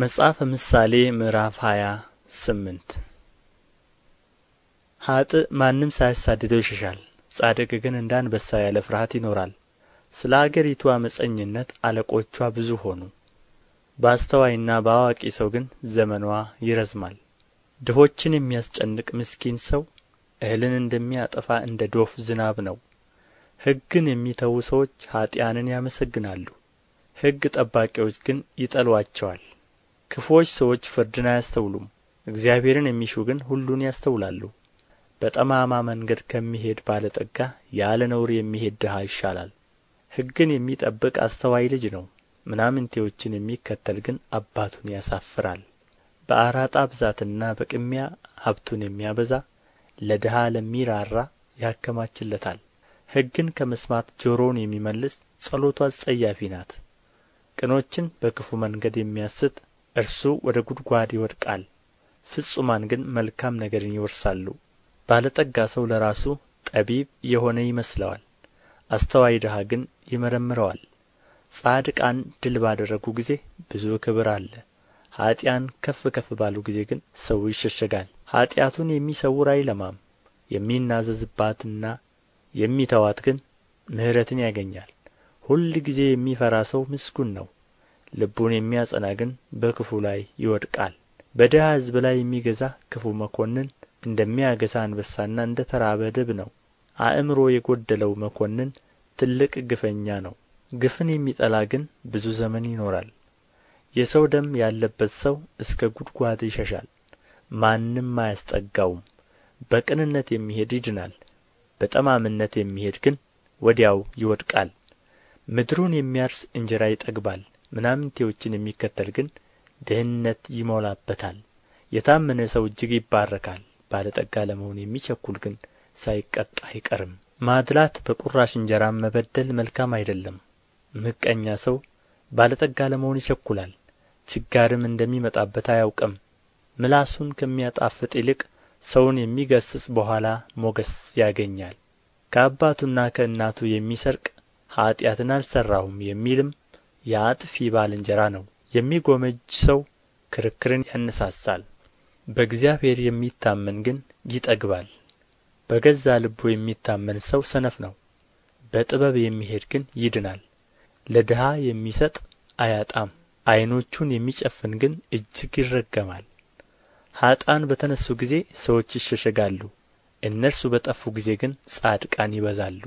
መጽሐፈ ምሳሌ ምዕራፍ ሃያ ስምንት ሀጥ ማንም ሳያሳድደው ይሸሻል፣ ጻድቅ ግን እንደ አንበሳ ያለ ፍርሃት ይኖራል። ስለ አገሪቱ አመፀኝነት አለቆቿ ብዙ ሆኑ፣ በአስተዋይና በአዋቂ ሰው ግን ዘመኗ ይረዝማል። ድሆችን የሚያስጨንቅ ምስኪን ሰው እህልን እንደሚያጠፋ እንደ ዶፍ ዝናብ ነው። ሕግን የሚተዉ ሰዎች ኀጢአንን ያመሰግናሉ፣ ሕግ ጠባቂዎች ግን ይጠሏቸዋል። ክፉዎች ሰዎች ፍርድን አያስተውሉም እግዚአብሔርን የሚሹ ግን ሁሉን ያስተውላሉ በጠማማ መንገድ ከሚሄድ ባለጠጋ ያለ ነውር የሚሄድ ድሃ ይሻላል ሕግን የሚጠብቅ አስተዋይ ልጅ ነው ምናምንቴዎችን የሚከተል ግን አባቱን ያሳፍራል በአራጣ ብዛትና በቅሚያ ሀብቱን የሚያበዛ ለድሀ ለሚራራ ያከማችለታል ሕግን ከመስማት ጆሮውን የሚመልስ ጸሎቱ አስጸያፊ ናት ቅኖችን በክፉ መንገድ የሚያስት እርሱ ወደ ጉድጓድ ይወድቃል ፍጹማን ግን መልካም ነገርን ይወርሳሉ ባለጠጋ ሰው ለራሱ ጠቢብ የሆነ ይመስለዋል አስተዋይ ድሃ ግን ይመረምረዋል ጻድቃን ድል ባደረጉ ጊዜ ብዙ ክብር አለ ኀጥኣን ከፍ ከፍ ባሉ ጊዜ ግን ሰው ይሸሸጋል ኀጢአቱን የሚሰውር አይለማም የሚናዘዝባትና የሚተዋት ግን ምሕረትን ያገኛል ሁል ጊዜ የሚፈራ ሰው ምስጉን ነው ልቡን የሚያጸና ግን በክፉ ላይ ይወድቃል በድሀ ሕዝብ ላይ የሚገዛ ክፉ መኰንን እንደሚያገሣ አንበሳና እንደ ተራበ ድብ ነው አእምሮ የጐደለው መኰንን ትልቅ ግፈኛ ነው ግፍን የሚጠላ ግን ብዙ ዘመን ይኖራል የሰው ደም ያለበት ሰው እስከ ጉድጓድ ይሸሻል ማንም አያስጠጋውም በቅንነት የሚሄድ ይድናል በጠማምነት የሚሄድ ግን ወዲያው ይወድቃል ምድሩን የሚያርስ እንጀራ ይጠግባል ምናምንቴዎችን የሚከተል ግን ድህነት ይሞላበታል የታመነ ሰው እጅግ ይባረካል ባለጠጋ ለመሆን የሚቸኩል ግን ሳይቀጣ አይቀርም ማድላት በቁራሽ እንጀራም መበደል መልካም አይደለም ምቀኛ ሰው ባለጠጋ ለመሆን ይቸኩላል፣ ችጋርም እንደሚመጣበት አያውቅም ምላሱን ከሚያጣፍጥ ይልቅ ሰውን የሚገስጽ በኋላ ሞገስ ያገኛል ከአባቱና ከእናቱ የሚሰርቅ ኀጢአትን አልሠራሁም የሚልም የአጥፊ ባልንጀራ ነው የሚጐመጅ ሰው ክርክርን ያነሣሣል በእግዚአብሔር የሚታመን ግን ይጠግባል በገዛ ልቡ የሚታመን ሰው ሰነፍ ነው በጥበብ የሚሄድ ግን ይድናል ለድሀ የሚሰጥ አያጣም ዐይኖቹን የሚጨፍን ግን እጅግ ይረገማል ኀጣን በተነሡ ጊዜ ሰዎች ይሸሸጋሉ እነርሱ በጠፉ ጊዜ ግን ጻድቃን ይበዛሉ